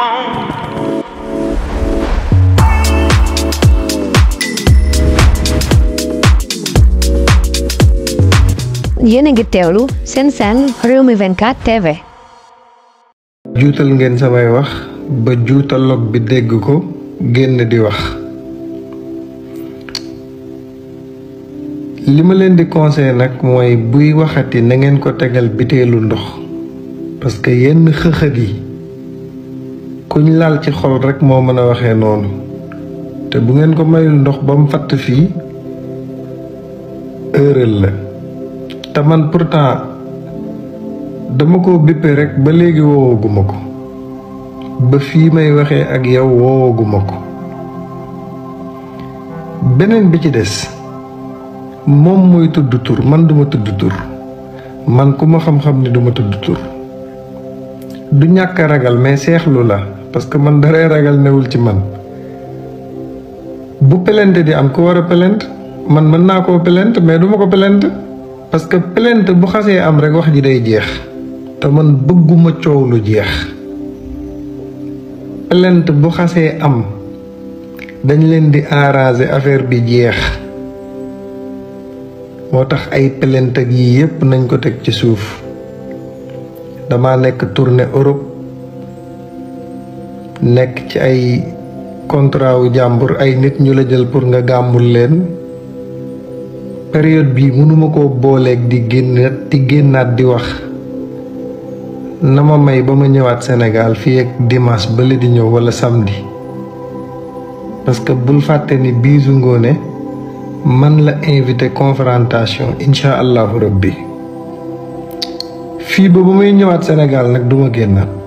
yéen a ngi sen sen seen mi venka TV. juutal ngeen samay wax ba lok bi dégg ko génn di wax. lima len di conseil nak mooy buy waxati na ngeen ko tegal bitelu ndox parce que yenn yi kuñ laal ci xol rek moo mën a waxee noonu te bu ngeen ko mayul ndox ba mu fatt fii ërël la te man pourtant dama ko bippe rek ba léegi woowaguma ko ba fii may waxee ak yow woowaguma ko beneen bi ci des moom mooy tudd tur man duma tudd tur man ku xam-xam ni duma tudd tur du ñàkk ragal mais seexlu la parce que man dara ragal newul ci man bu plainte di am ko wara plainte man mën naa pelente plainte mais duma ko plainte parce que plainte bu xasse am rek wax ji day jeex te man bëgguma coow lu jeex plainte bu xasse am dañ leen di arranger affaire bi jeex motax ay plainte ak yii yépp nañ ko teg ci suuf dama nek tourner Europe nekk ci ay contrat wu jàmbur ay nit ñu la jël pour nga gàmmul leen période bii mënuma koo booleek di génnaat di génnaat di wax na ma may ba ma ñëwaat Sénégal fii ak dimanche bële di ñëw wala samedi parce que bul fàtte ni Bijou Ngoné man la invité confrontation incha allahu rabbi fii ba ba may ñëwaat Sénégal nag duma génnaat